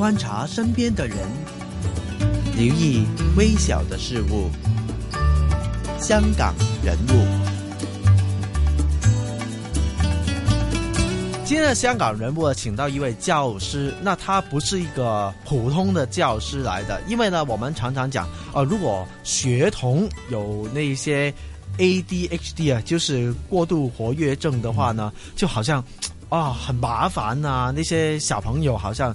觀察身邊的人，留意微小的事物。香港人物，今天的香港人物請到一位教師，那他不是一個普通的教師來的，因為呢，我們常常講，啊、呃，如果學童有那些 ADHD 啊，就是過度活躍症的話呢，就好像，啊、哦，很麻煩啊，那些小朋友好像。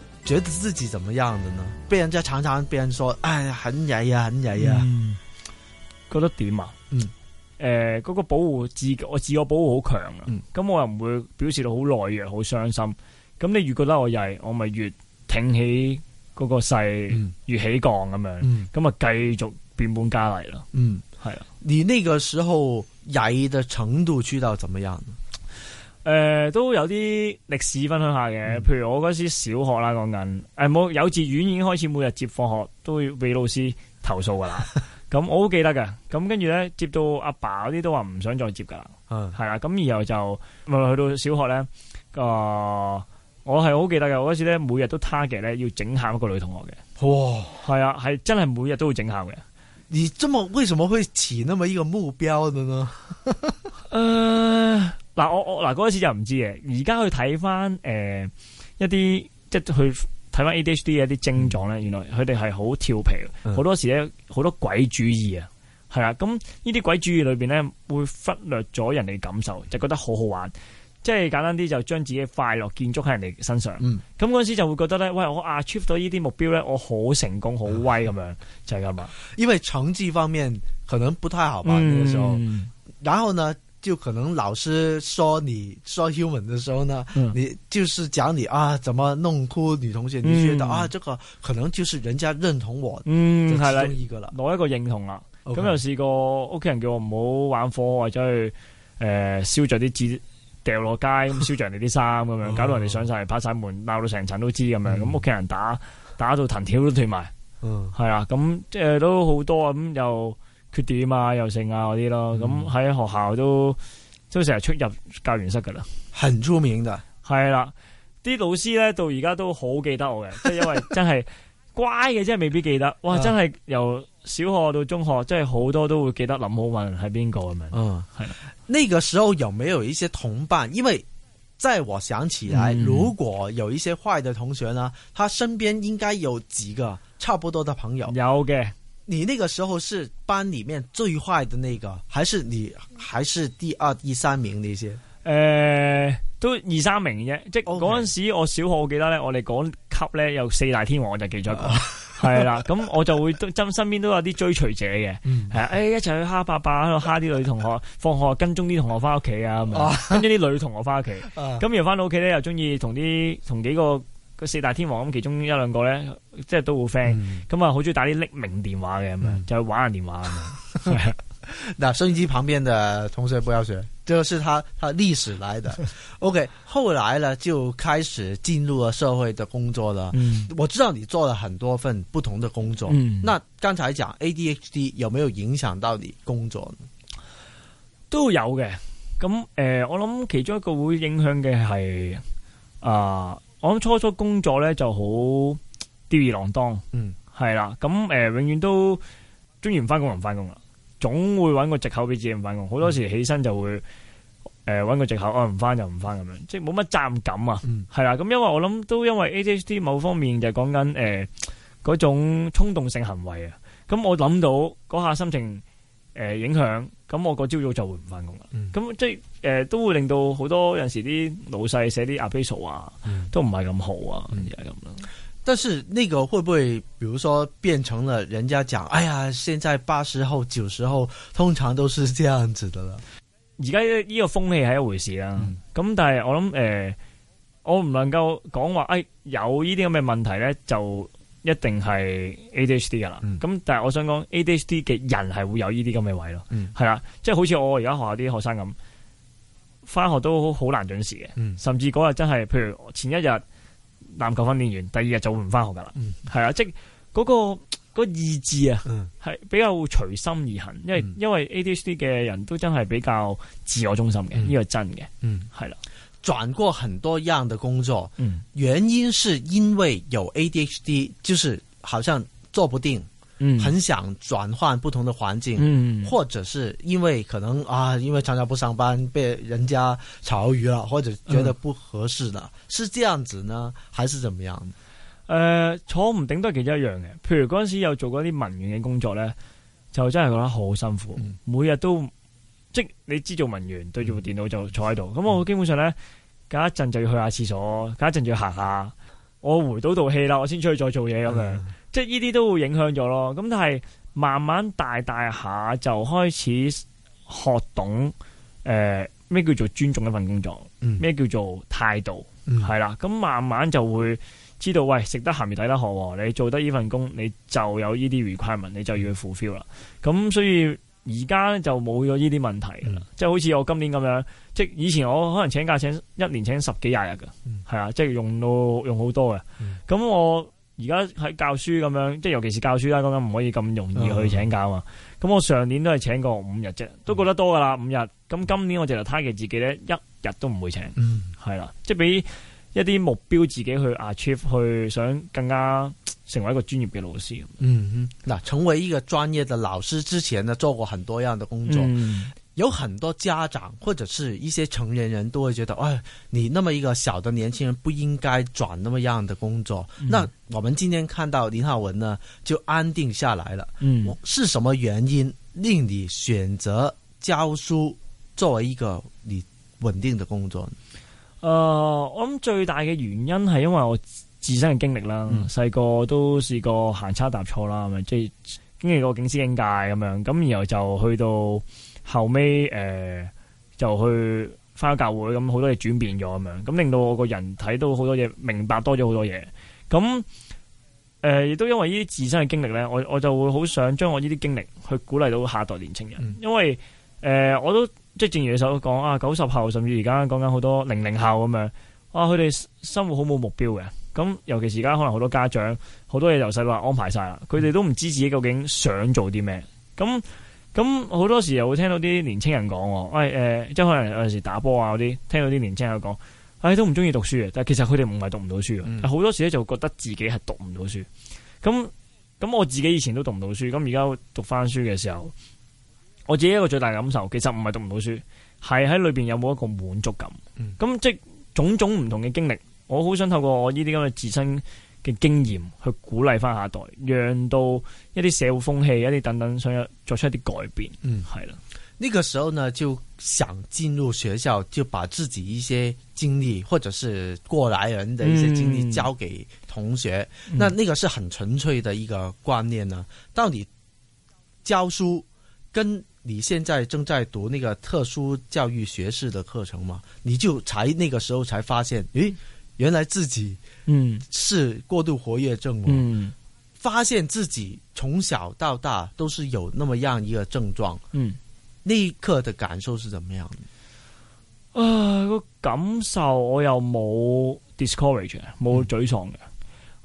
覺得自己怎麼樣的呢？被人家常常，被人說，哎呀，很曳啊，很曳呀、啊。嗯，覺得點啊？嗯，誒、呃，嗰個保護自我，自我保護好強啊。嗯，咁我又唔會表示到好懦弱，好傷心。咁你越覺得我曳，我咪越挺起嗰個勢、嗯，越起槓咁樣。咁啊，繼、嗯、續變本加厲啦。嗯，係啊。你呢個時候曳嘅程度，去到怎麼樣呢？誒、呃，都有啲歷史分享下嘅，譬如我嗰時小學啦，講緊誒，冇、呃、幼稚園已經開始每日接放學都要被老師投訴噶啦，咁 我好記得㗎。咁跟住咧接到阿爸嗰啲都話唔想再接噶啦，係 啦，咁然後就去到小學咧、呃，我係好記得嘅，我嗰時咧每日都 target 咧要整喊一個女同學嘅，哇、哦，係啊，係真係每日都會整喊嘅。你這麼為什麼會起那麼一個目標的呢？嗯、 呃。嗱，我我嗱嗰陣時就唔知嘅，而家去睇翻，誒一啲即係去睇翻 ADHD 嘅一啲症狀咧、嗯，原來佢哋係好調皮，好、嗯、多時咧好多鬼主意啊，係啊，咁呢啲鬼主意裏邊咧會忽略咗人哋嘅感受，就覺得好好玩，即係簡單啲就將自己嘅快樂建築喺人哋身上。咁嗰陣時就會覺得咧，喂我啊 achieve 到呢啲目標咧，我好成功好威咁，嗯就是，樣就係咁啊。因為成績方面可能不太好吧，嘅，嗯那個時候，然後呢？就可能老師說你說 human 嘅時候呢，嗯、你就是講你啊，怎麼弄哭女同學？嗯、你覺得啊，這個可能就是人家認同我，嗯係啦，攞一，一個認同啦。咁又試過屋企人叫我唔好玩火，或者去誒燒、呃、著啲紙掉落街燒的，燒 着人哋啲衫咁樣，搞到人哋上晒嚟，拍晒門，鬧到成層都知咁樣，咁屋企人打打到藤條都斷埋，係、嗯、啊，咁即係都好多啊。咁、嗯、又。缺點啊，又剩啊嗰啲咯，咁喺學校都都成日出入教員室噶啦。很出名的係啦，啲老師咧到而家都好記得我嘅，即 係因為真係乖嘅，真係未必記得。哇，真係由小學到中學，真係好多都會記得林浩文係邊個咁樣。嗯，係。呢個時候有沒有一些同伴？因為即係我想起來，嗯、如果有一些壞的同學呢，他身邊應該有幾個差不多的朋友。有嘅。你那個時候是班裏面最壞的那個，還是你還是第二、第三名那些？誒、呃，都二三名啫，即係嗰陣時我小學我記得咧，我哋嗰級咧有四大天王，我就記咗一個，係、uh、啦 -huh.，咁我就會真身邊都有啲追隨者嘅，係、uh、誒 -huh. 哎、一齊去蝦爸爸，喺度蝦啲女同學，放學跟蹤啲同學翻屋企啊，uh -huh. 跟蹤啲女同學翻屋企，咁、uh -huh. 又翻到屋企咧又中意同啲同幾個。四大天王咁，其中一兩個咧，即係都好 friend、嗯。咁、嗯、啊，好中意打啲匿名電話嘅咁樣，就玩下電話。嗱， 收音機旁邊的同學不要學，這是他他歷史來的。OK，後來咧就開始進入了社會的工作了、嗯。我知道你做了很多份不同的工作，嗯、那剛才講 ADHD 有沒有影響到你工作？都有嘅。咁誒、呃，我諗其中一個會影響嘅係啊。呃嗯我諗初初工作咧就好吊兒郎當，嗯是，係啦，咁、呃、誒，永遠都锺意唔翻工唔翻工啦，總會揾個藉口俾自己唔翻工，好多時起身就會誒揾、呃、個藉口，我唔翻就唔翻咁樣，即係冇乜責任感啊，係、嗯、啦，咁因為我諗都因為 ADHD 某方面就講緊誒嗰種衝動性行為啊，咁我諗到嗰下心情誒、呃、影響，咁我個朝早就會唔翻工啦，咁、嗯、即係。誒、呃，都會令到好多有陣時啲老細寫啲阿表啊，嗯、都唔係咁好啊，而係咁咯。但是呢個會唔會，比如說變成了人家講，哎呀，現在八十後、九十後通常都是這樣子的啦。而家呢個風氣、啊，係一回事。咁但係我諗，誒、呃，我唔能夠講話，誒、哎，有呢啲咁嘅問題咧，就一定係 A D H D 噶啦。咁、嗯、但係我想講 A D H D 嘅人係會有呢啲咁嘅位咯、啊，係、嗯、啊即係、就是、好似我而家學校啲學生咁。翻學都好難準時嘅，甚至嗰日真係，譬如前一日籃球訓練完，第二日就唔翻學噶啦，係、嗯、啊，即係嗰個意志啊，係比較隨心而行，因、嗯、為因為 ADHD 嘅人都真係比較自我中心嘅，呢、嗯、個係真嘅，係啦，轉、嗯、過很多樣的工作、嗯，原因是因為有 ADHD，就是好像做不定。嗯，很想轉換不同的環境、嗯，或者是因為可能啊，因為常常不上班被人家炒魷魚啦，或者覺得不合適的、嗯，是這樣子呢，還是怎麼樣呢？誒、呃，坐唔定都係其中一樣嘅。譬如嗰陣時有做過啲文員嘅工作咧，就真係覺得好辛苦、嗯，每日都即你知做文員對住部電腦就坐喺度。咁、嗯、我基本上咧，隔一陣就要去下廁所，隔一陣就要行下，我回到道氣啦，我先出去再做嘢咁樣。嗯嗯即係呢啲都會影響咗咯，咁但係慢慢大大下就開始學懂誒咩、呃、叫做尊重一份工作，咩、嗯、叫做態度，係、嗯、啦，咁慢慢就會知道喂，食得鹹咪抵得渴，你做得呢份工，你就有呢啲 requirement，你就要去 fulfill 啦。咁所以而家就冇咗呢啲問題啦，即、嗯、係好似我今年咁樣，即係以前我可能請假請一年請十幾廿日噶，係、嗯、啊，即係用到用好多嘅，咁、嗯、我。而家喺教書咁樣，即係尤其是教書啦，講緊唔可以咁容易去請教啊！咁、嗯、我上年都係請過五日啫，都覺得多噶啦五日。咁今年我 target 自己咧，一日都唔會請。嗯，係啦，即係俾一啲目標自己去 achieve，去想更加成為一個專業嘅老師。嗯哼，嗱、嗯，成為呢個專業嘅老師之前呢，做過很多樣嘅工作。嗯。有很多家長或者是一些成年人，人，都會覺得，哎，你那麼一個小的年輕人不應該轉那麼樣的工作，嗯。那我們今天看到林浩文呢，就安定下來了。嗯，是什麼原因令你選擇教書作為一個你穩定的工作？呃，我諗最大嘅原因係因為我自身嘅經歷啦，細、嗯、個都試過行差踏錯啦，係咪？即係經歷過警司警戒咁樣，咁然後就去到。後尾誒、呃、就去翻咗教會，咁好多嘢轉變咗咁樣，咁令到我個人睇到好多嘢，明白多咗好多嘢。咁誒亦都因為呢啲自身嘅經歷咧，我我就會好想將我呢啲經歷去鼓勵到下一代年輕人，嗯、因為誒、呃、我都即係正如你所講啊，九十後甚至而家講緊好多零零後咁樣，哇、啊！佢哋生活好冇目標嘅，咁尤其而家可能好多家長好多嘢由細話安排晒啦，佢哋都唔知自己究竟想做啲咩，咁。咁好多時又會聽到啲年青人講喎、哎呃，即係可能有陣時打波啊嗰啲，聽到啲年青人講，唉、哎、都唔中意讀書嘅，但其實佢哋唔係讀唔到書啊，好、嗯、多時咧就覺得自己係讀唔到書。咁咁我自己以前都讀唔到書，咁而家讀翻書嘅時候，我自己一個最大感受，其實唔係讀唔到書，係喺裏邊有冇一個滿足感。咁、嗯、即種種種唔同嘅經歷，我好想透過我呢啲咁嘅自身。嘅經驗去鼓勵翻下一代，讓到一啲社會風氣一啲等等，想作出一啲改變。嗯，係啦。呢、那個時候呢，就想進入學校，就把自己一些經歷，或者是過來人的一些經歷，嗯、交給同學。那那個是很純粹的一個觀念呢、啊、到你教書跟你現在正在讀那個特殊教育學士的課程嘛？你就才那個時候，才發現，誒原來自己嗯是過度活躍症，嗯，發現自己從小到大都是有那麼樣一個症狀，嗯，那一刻的感受是怎麼樣？啊，那個感受我又冇 discourage，冇沮喪嘅，嗯，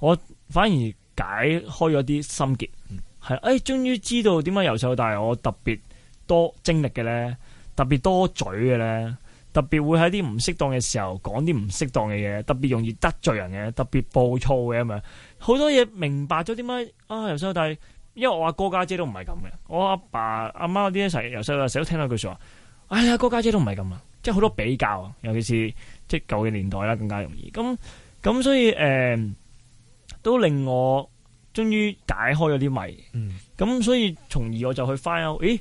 我反而解開咗啲心結，係、嗯、誒、哎，終於知道點解由細到大我特別多精力嘅咧，特別多嘴嘅咧。特別會喺啲唔適當嘅時候講啲唔適當嘅嘢，特別容易得罪人嘅，特別暴躁嘅咁樣，好多嘢明白咗點解啊！由細到大，因為我阿哥家姐都唔係咁嘅，我阿爸阿媽啲一齊由細到大成日都聽到句說話，哎阿哥家姐都唔係咁啊，即係好多比較啊，尤其是即係舊嘅年代啦，更加容易。咁咁所以誒、呃，都令我終於解開咗啲謎。嗯，咁所以從而我就去 find out 誒，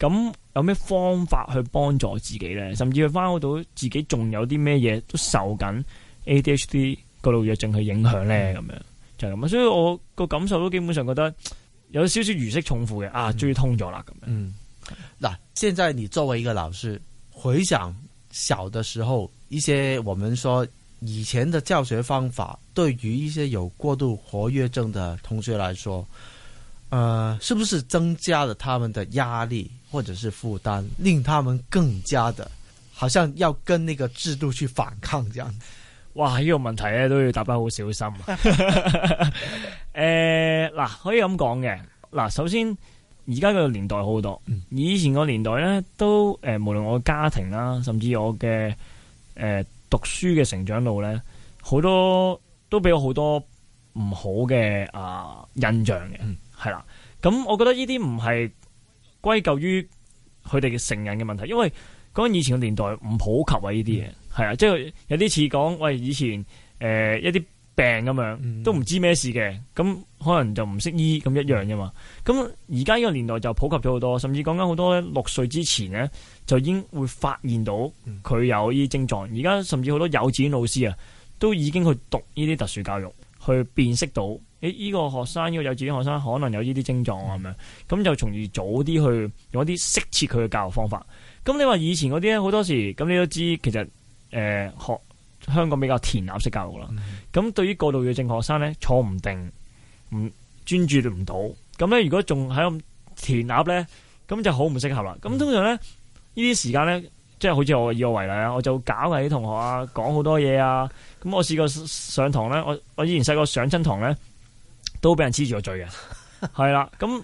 咁。有咩方法去幫助自己咧？甚至去翻到自己仲有啲咩嘢都受緊 ADHD 個腦弱症去影響咧？嗯，咁樣就係咁啊！所以我個感受都基本上覺得有少少如釋重負嘅啊，終於通咗啦！咁樣，嗯，嗱，現在你作為一個老師，回想小的時候，一些我們説以前的教學方法，對於一些有過度活躍症的同學來說。誒、呃，是不是增加了他們的壓力，或者是負擔，令他們更加的，好像要跟那個制度去反抗這樣？哇，呢、這個問題咧都要答得好小心啊。誒、 呃，嗱，可以咁講嘅嗱，首先而家個年代好多，嗯、以前個年代咧都誒、呃，無論我的家庭啦、啊，甚至我嘅誒、呃、讀書嘅成長路咧，很多都給我很多不好多都俾我好多唔好嘅啊印象嘅。嗯係啦，咁我覺得呢啲唔係歸咎於佢哋嘅成人嘅問題，因為講緊以前嘅年代唔普及啊呢啲嘢，係、嗯、啊，即係、就是、有啲似講喂以前誒、呃、一啲病咁樣，嗯、都唔知咩事嘅，咁可能就唔識醫咁一樣啫嘛。咁而家呢個年代就普及咗好多，甚至講緊好多六歲之前咧，就已經會發現到佢有呢啲症狀。而家甚至好多幼稚園老師啊，都已經去讀呢啲特殊教育，去辨識到。依、欸這個學生，要、這個幼稚園學生可能有呢啲症狀咁，咁就從而早啲去用一啲適切佢嘅教育方法。咁你話以前嗰啲咧，好多時咁你都知，其實誒、呃、學，香港比較填鴨式教育啦。咁、嗯、對於過度活躍症學生咧，坐唔定，唔專注唔到，咁咧如果仲喺咁填鴨咧，咁就好唔適合啦。咁通常咧，間呢啲時間咧，即係好似我以我為例啊，我就搞嘅啲同學啊，講好多嘢啊。咁我試過上堂咧，我我以前細個上親堂咧。都俾人黐住個嘴嘅，係 啦。咁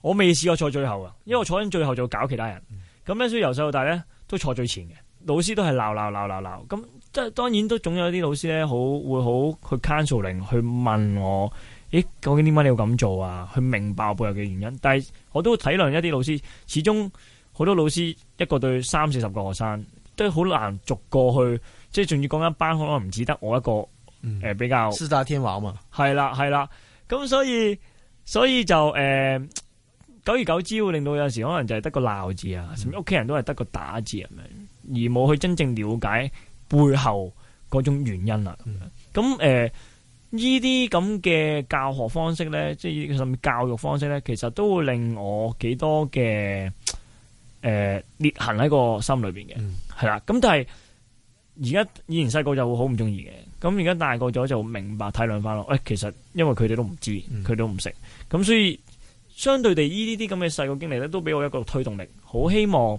我未試過坐最後嘅，因為我坐緊最後就搞其他人。咁、嗯、咧，所以由細到大咧都坐最前嘅。老師都係鬧鬧鬧鬧鬧，咁即係當然都總有啲老師咧好會好去 counseling 去問我：咦，究竟點解你要咁做啊？去明白我背後嘅原因。但係我都體諒一啲老師，始終好多老師一個對三四十個學生都好難逐個去，即係仲要講一班可能唔止得我一個誒、嗯呃，比較四大天王啊嘛，係啦，係啦。是咁所以，所以就誒，久而久之會令到有陣時可能就係得個鬧字啊，甚至屋企人都係得個打字咁樣，而冇去真正了解背後嗰種原因啦。咁樣，咁誒，呢啲咁嘅教學方式咧，即係甚至教育方式咧，其實都會令我幾多嘅誒裂痕喺個心裏邊嘅，係啦。咁但係。而家以前細個就會好唔中意嘅。咁而家大個咗就明白體諒翻咯、欸。其實因為佢哋都唔知。佢、嗯、都唔識，咁所以相對地依呢啲咁嘅細個經歷咧，都俾我一個推動力。好希望。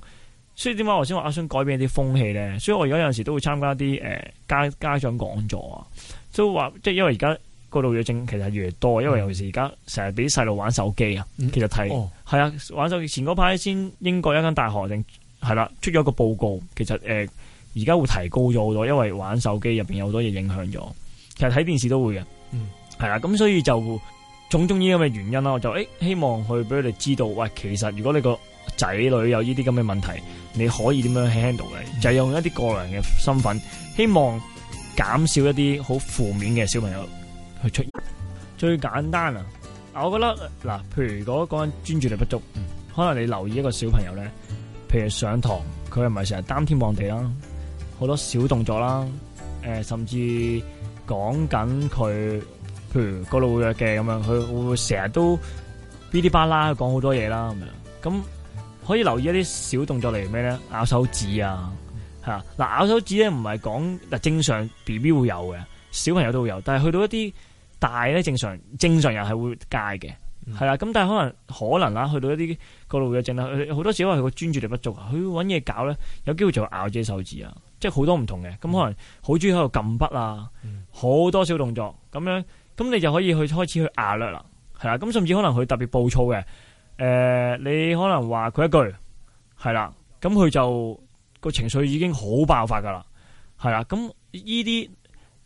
所以點解我先話我想改變啲風氣咧？所以我而家有陣時都會參加啲、呃、家家長講座啊，都話即係因為而家個過度活躍症其實越嚟越多，嗯、因為尤其是而家成日俾細路玩手機啊，其實睇係啊玩手機。嗯哦啊、手機前嗰排先英國一間大學定係啦出咗個報告，其實、呃而家會提高咗好多，因為玩手機入邊有好多嘢影響咗。其實睇電視都會嘅，係、嗯、啊，咁所以就種種呢啲咁嘅原因啦。我就誒、欸，希望去俾佢哋知道，喂，其實如果你個仔女有呢啲咁嘅問題，你可以點樣 handle 嚟？嗯、就用一啲個人嘅身份，希望減少一啲好負面嘅小朋友去出現。最簡單啊，我覺得嗱，譬如如果講專注力不足，嗯、可能你留意一個小朋友咧，譬如上堂，佢係咪成日擔天望地啦？好多小動作啦，甚至講緊佢，譬如過度活躍嘅咁樣，佢會成日都嗶哩吧啦講好多嘢啦咁樣。咁可以留意一啲小動作，例如咩咧？咬手指啊，嚇嗱，咬手指咧，唔係講嗱，正常 B B 會有嘅，小朋友都會有，但係去到一啲大咧，正常正常人係會戒嘅，係啦。咁、嗯、但係可能可能啦，去到一啲過度活躍症啦，好多時候係個專注力不足，佢搵嘢搞咧，有機會就會咬自己手指啊。即係好多唔同嘅，咁可能好中意喺度撳筆啊，好、嗯、多小動作咁樣，咁你就可以去開始去壓略啦，係啦，咁甚至可能佢特別暴躁嘅，誒、呃、你可能話佢一句係啦，咁佢就個情緒已經好爆發㗎啦，係啦，咁呢啲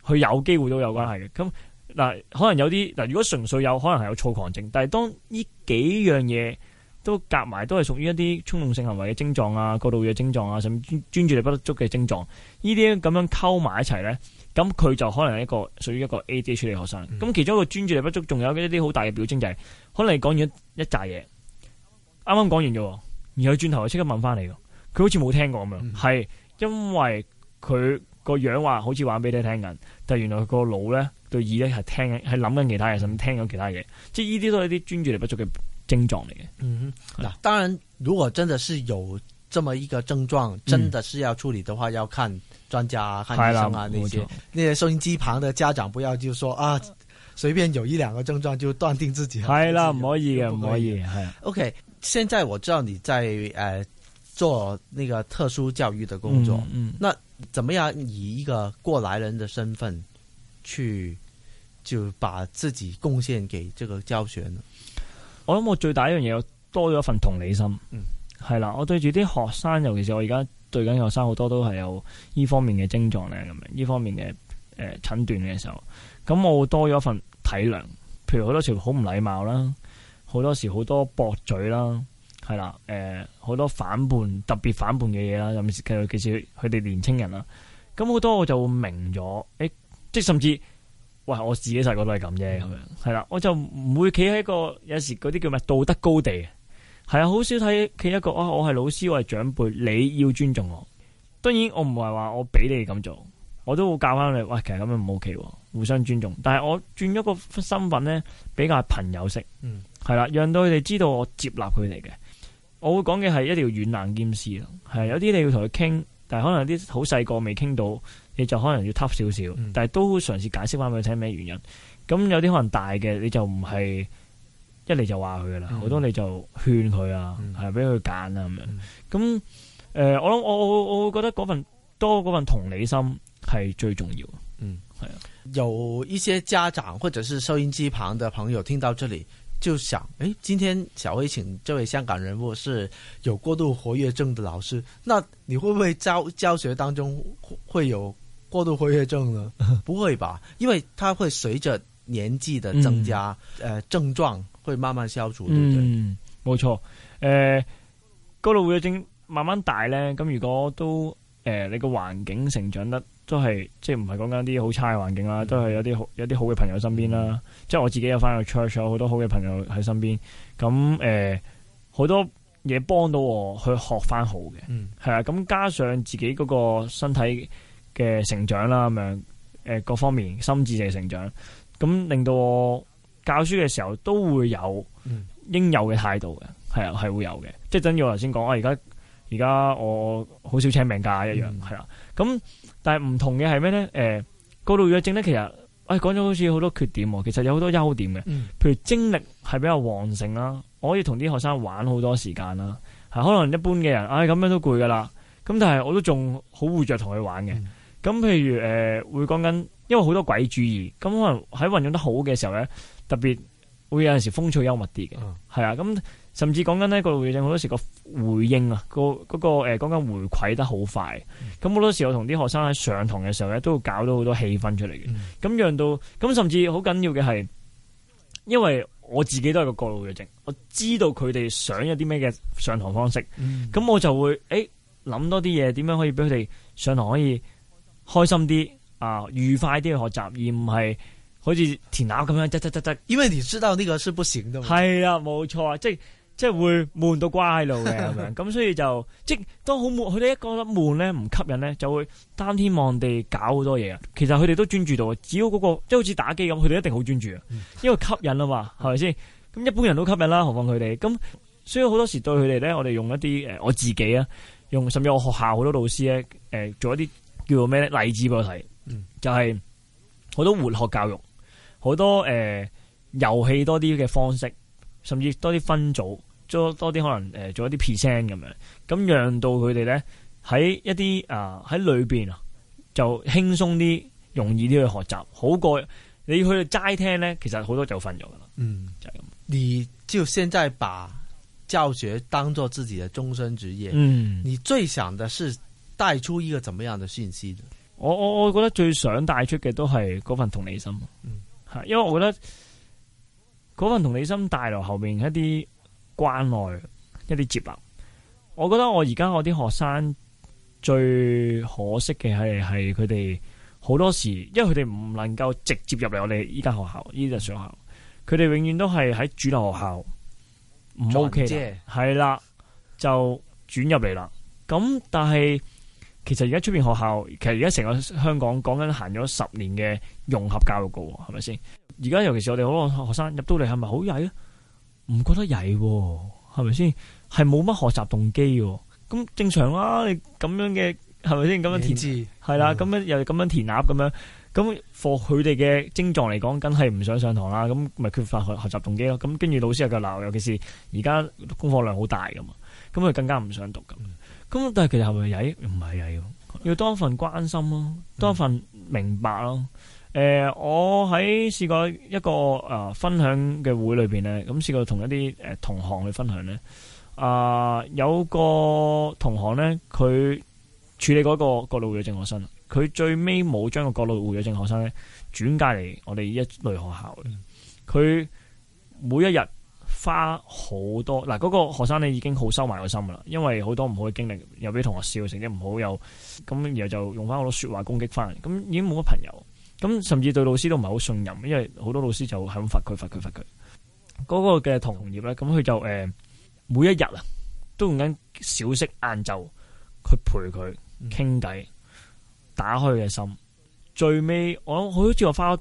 佢有機會都有關係嘅，咁嗱可能有啲嗱，如果純粹有可能係有躁狂症，但係當呢幾樣嘢，都夾埋都係屬於一啲衝動性行為嘅症狀啊，過度嘅症狀啊，甚至專注力不足嘅症狀，呢啲咁樣溝埋一齊咧，咁佢就可能係一個屬於一個 A D H D 學生。咁、嗯、其中一個專注力不足，仲有一啲好大嘅表徵就係、是，可能你講完一紮嘢，啱啱講完喎，然後轉頭即刻問翻、嗯、你，佢好似冇聽過咁樣，係因為佢個樣話好似話俾你聽緊，但係原來佢個腦咧對耳咧係聽緊，係諗緊其他嘢，甚至聽緊其他嘢，即係呢啲都係啲專注力不足嘅，症狀嚟嘅，嗯哼、啊，當然如果真的是有這麼一個症狀，真的是要處理的話，嗯、要看專家、啊、看醫生啊，那些那些收音機旁的家長不要就說啊，隨便有一兩個症狀就斷定自己係啦，唔可以嘅，唔可以，係。OK，現在我知道你在、呃、做那個特殊教育的工作，嗯，嗯，那怎麼樣以一個過來人的身份去就把自己貢獻給這個教學呢？我諗我最大一樣嘢，我多咗份同理心。嗯，係啦，我對住啲學生，尤其是我而家對緊學生，好多都係有呢方面嘅症狀咧，咁樣呢方面嘅誒診斷嘅時候，咁我多咗份體諒。譬如好多時好唔禮貌啦，好多時好多駁嘴啦，係啦，誒、呃，好多反叛，特別反叛嘅嘢啦，尤其其是佢哋年青人啦。咁好多我就會明咗，誒、欸，即係甚至。喂，我自己細個都係咁啫，咁樣係啦，我就唔會企喺個有時嗰啲叫咩道德高地，係啊，好少睇企一個啊，我係老師，我係長輩，你要尊重我。當然，我唔係話我俾你咁做，我都會教翻你。喂，其實咁樣唔 OK，互相尊重。但係我轉咗個身份咧，比較係朋友式，嗯，係啦，讓到佢哋知道我接納佢哋嘅。我會講嘅係一定要軟硬兼施咯，係有啲你要同佢傾，但係可能有啲好細個未傾到。你就可能要 tough 少少，但係都嘗試解釋翻俾佢聽咩原因。咁有啲可能大嘅，你就唔係一嚟就話佢噶啦，好、嗯、多你就勸佢啊，係俾佢揀啦咁樣。咁誒、嗯呃，我諗我我會覺得嗰份多嗰份同理心係最重要的。嗯，係啊。有一些家長或者是收音機旁的朋友聽到這裏。就想，誒，今天小薇請這位香港人物是有過度活躍症的老師，那你會不會教教學當中會有過度活躍症呢？ 不會吧，因為它會隨着年紀的增加，誒、嗯呃，症狀會慢慢消除，對不對？嗯，冇錯，誒、呃，過度活躍症慢慢大咧，咁如果都，誒、呃，你個環境成長得。都係即係唔係講緊啲好差嘅環境啦，都係有啲好有啲好嘅朋友身邊啦。即係我自己有翻去 church，有好多好嘅朋友喺身邊。咁誒，好、呃、多嘢幫到我去學翻好嘅，係、嗯、啊。咁加上自己嗰個身體嘅成長啦，咁樣誒，各方面心智嘅成長，咁令到我教書嘅時候都會有應有嘅態度嘅，係啊，係會有嘅。即係等於，現在現在我頭先講啊，而家而家我好少請病假一樣，係、嗯、啊。咁。但係唔同嘅係咩咧？誒，過度活躍症咧，其實誒講咗好似好多缺點喎，其實有好多優點嘅，譬如精力係比較旺盛啦，我可以同啲學生玩好多時間啦。係可能一般嘅人，哎咁樣都攰噶啦。咁但係我都仲好活着同佢玩嘅。咁、嗯、譬如誒、呃、會講緊，因為好多鬼主意。咁可能喺運用得好嘅時候咧，特別。會有陣時風趣幽默啲嘅，係、嗯、啊，咁甚至講緊、呢個、呢個過度活躍症，好、嗯、多時個回應啊，個嗰個誒講緊回饋得好快，咁好多時我同啲學生喺上堂嘅時候咧，都會搞到好多氣氛出嚟嘅，咁、嗯、讓到，咁甚至好緊要嘅係，因爲我自己都係個過度活躍症。我知道佢哋想有啲咩嘅上堂方式，咁、嗯、我就會誒諗、欸、多啲嘢，點樣可以俾佢哋上堂可以開心啲啊，愉快啲去學習，而唔係。好似填鴨咁樣，得得得得，因為你知道呢個是不行嘅。係啊，冇 錯樂啊，沒錯，即係即係會悶到瓜喺度嘅咁樣，咁 所以就即係當好悶，佢哋一覺得悶咧唔吸引咧，就會擔天望地搞好多嘢啊。其實佢哋都專注到，只要嗰、那個即係好似打機咁，佢哋一定好專注啊，因為吸引啊嘛，係咪先？咁一般人都吸引啦，何況佢哋咁，所以好多時對佢哋咧，我哋用一啲誒、呃，我自己啊，用甚至我學校好多老師咧，誒、呃，做一啲叫做咩咧例子俾我睇，就係、是、好多活學教育。好多誒、呃、遊戲多啲嘅方式，甚至多啲分組，多多啲可能誒做一啲 percent 咁樣，咁讓到佢哋咧喺一啲啊喺裏面，啊就輕鬆啲、容易啲去學習，好過你去齋聽咧，其實好多就瞓咗㗎啦。嗯，就係咁。你就現在把教學當作自己的終身職業。嗯，你最想嘅是帶出一個怎麼樣嘅訊息？我我我覺得最想帶出嘅都係嗰份同理心。嗯。因為我覺得嗰份同理心帶來後面一啲關愛、一啲接納，我覺得我而家我啲學生最可惜嘅係係佢哋好多時，因為佢哋唔能夠直接入嚟我哋依間學校，呢隻學校，佢哋永遠都係喺主流學校唔 OK，係啦，就轉入嚟啦。咁但係。其實而家出邊學校，其實而家成個香港講緊行咗十年嘅融合教育噶，係咪先？而家尤其是我哋好多學生入到嚟，係咪好曳咧？唔覺得曳，係咪先？係冇乜學習動機，咁正常啦、啊。你咁樣嘅係咪先？咁樣填字係啦，咁樣、啊嗯、又咁樣填鴨咁樣，咁課佢哋嘅症狀嚟講，梗係唔想上堂啦。咁咪缺乏學學習動機咯。咁跟住老師又夠鬧，尤其是而家功課量好大噶嘛，咁佢更加唔想讀咁。咁但係其實係咪曳？唔係曳喎，要多一份關心咯，多一份明白咯、嗯呃。我喺試過一個、呃、分享嘅會裏面咧，咁試過同一啲、呃、同行去分享咧。啊、呃，有個同行咧，佢處理嗰個過度活躍症學生，佢最尾冇將個過度活躍症學生咧轉介嚟我哋一類學校。佢、嗯、每一日。花好多嗱，嗰個學生你已經好收埋個心噶啦，因為好多唔好嘅經歷，又俾同學笑，成績唔好又咁，然後就用翻好多說話攻擊翻，咁已經冇乜朋友，咁甚至對老師都唔係好信任，因為好多老師就係咁罰佢、罰佢、罰佢。嗰個嘅同業咧，咁佢就誒，每一日啊，都用緊小息、晏晝去陪佢傾偈，打開佢嘅心。最尾我好似我花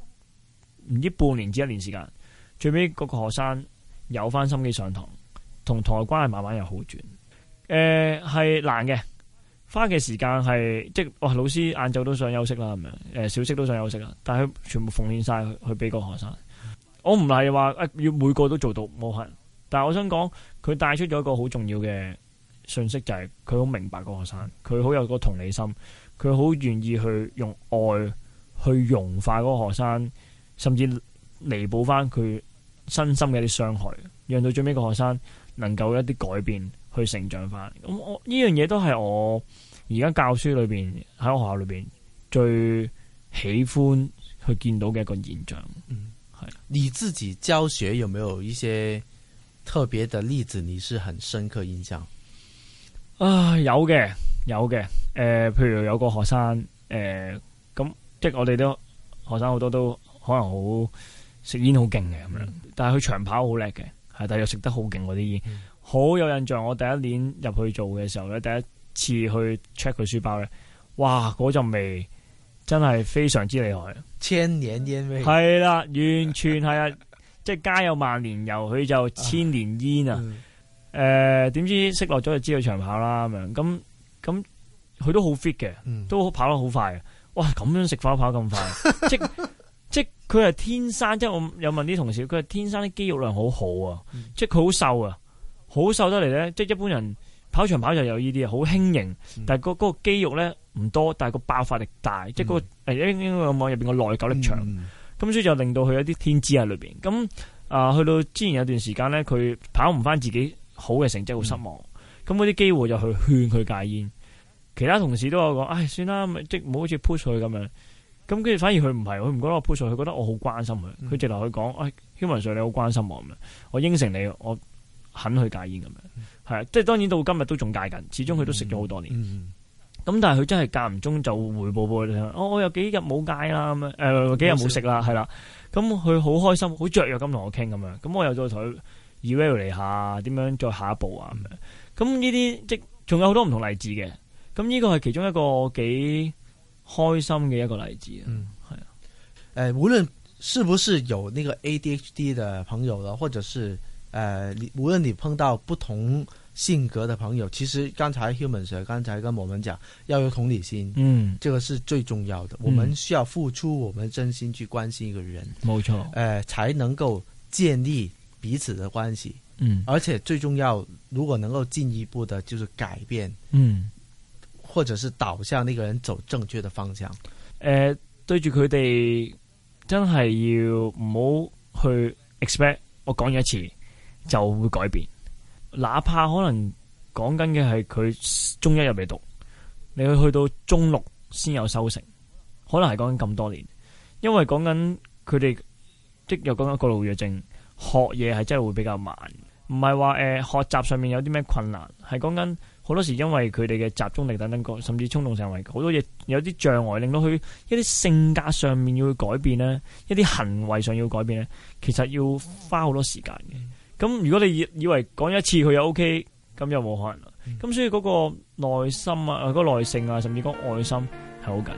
唔知半年至一年時間，最尾嗰個學生。有翻心機上堂，同同學關係慢慢又好轉。誒、呃，係難嘅，花嘅時間係即係哇，老師晏晝都想休息啦，咁樣誒，小息都想休息啦。但係佢全部奉獻晒去俾個學生。我唔係話誒要每個都做到無痕，但係我想講佢帶出咗一個好重要嘅信息，就係佢好明白個學生，佢好有個同理心，佢好願意去用愛去融化嗰個學生，甚至彌補翻佢。身心嘅一啲傷害，讓到最尾個學生能夠一啲改變去成長翻。咁我呢樣嘢都係我而家教書裏邊喺學校裏邊最喜歡去見到嘅一個現象。係你自己教學有冇有一些特別的例子？你是很深刻印象啊？有嘅，有嘅。誒、呃，譬如有個學生，誒、呃，咁即係我哋都學生好多都可能好。食煙好勁嘅咁樣，但係佢長跑好叻嘅，係但係又食得好勁嗰啲煙，好、嗯、有印象。我第一年入去做嘅時候咧，第一次去 check 佢書包咧，哇，嗰陣味真係非常之厲害，千年煙味係啦，完全係啊，即 係家有萬年油，佢就千年煙啊。誒、啊，點、呃嗯、知識落咗就知道長跑啦咁樣，咁咁佢都好 fit 嘅、嗯，都跑得好快嘅。哇，咁樣食法跑咁快， 即即係佢係天生，即係我有問啲同事，佢係天生啲肌肉量好好啊、嗯，即係佢好瘦啊，好瘦得嚟咧，即係一般人跑長跑就有呢啲啊，好輕盈，嗯、但係嗰個肌肉咧唔多，但係個爆發力大，嗯、即係嗰個誒，英英網入邊個耐久力長。咁、嗯、所以就令到佢有啲天資喺裏邊。咁啊，去、呃、到之前有段時間咧，佢跑唔翻自己好嘅成績，好失望。咁嗰啲機會就去勸佢戒煙，其他同事都有講，唉、哎，算啦，即係唔好似 push 佢咁樣。咁跟住，反而佢唔係，佢唔覺得我 push 佢，佢覺得我好關心佢。佢、嗯、直頭佢講：誒、哎，浩文 sir，你好關心我咁樣，我應承你，我肯去戒煙咁樣。係、嗯、啊，即係當然到今日都仲戒緊，始終佢都食咗好多年。咁、嗯、但係佢真係間唔中就回報俾我聽，我我有幾日冇戒啦咁樣，誒、呃、幾日冇食啦，係啦。咁佢好開心，好雀躍咁同我傾咁樣。咁我又再同佢 eval 嚟下，點樣再下一步啊咁樣。咁呢啲即仲有好多唔同例子嘅。咁呢個係其中一個幾開心嘅一個例子，嗯，係啊，誒、呃，無論是不是有那個 ADHD 的朋友啦，或者是誒、呃，無論你碰到不同性格的朋友，其實剛才 Human Sir 剛才跟我們講要有同理心，嗯，這個是最重要的，嗯、我們需要付出，我們真心去關心一個人，冇錯，誒、呃，才能夠建立彼此的關係，嗯，而且最重要，如果能夠進一步的，就是改變，嗯。或者是導向呢個人走正確嘅方向，誒、呃，對住佢哋真係要唔好去 expect，我講咗一次就會改變，哪怕可能講緊嘅係佢中一入嚟讀，你去去到中六先有收成，可能係講緊咁多年，因為講緊佢哋即又講緊個路弱症，學嘢係真係會比較慢，唔係話誒學習上面有啲咩困難，係講緊。好多時因為佢哋嘅集中力等等，甚至衝動性為好多嘢，有啲障礙令到佢一啲性格上面要去改變咧，一啲行為上要改變咧，其實要花好多時間嘅。咁如果你以以為講一次佢又 OK，咁又冇可能。咁所以嗰個耐心啊，嗰個耐性啊，甚至嗰個愛心係好緊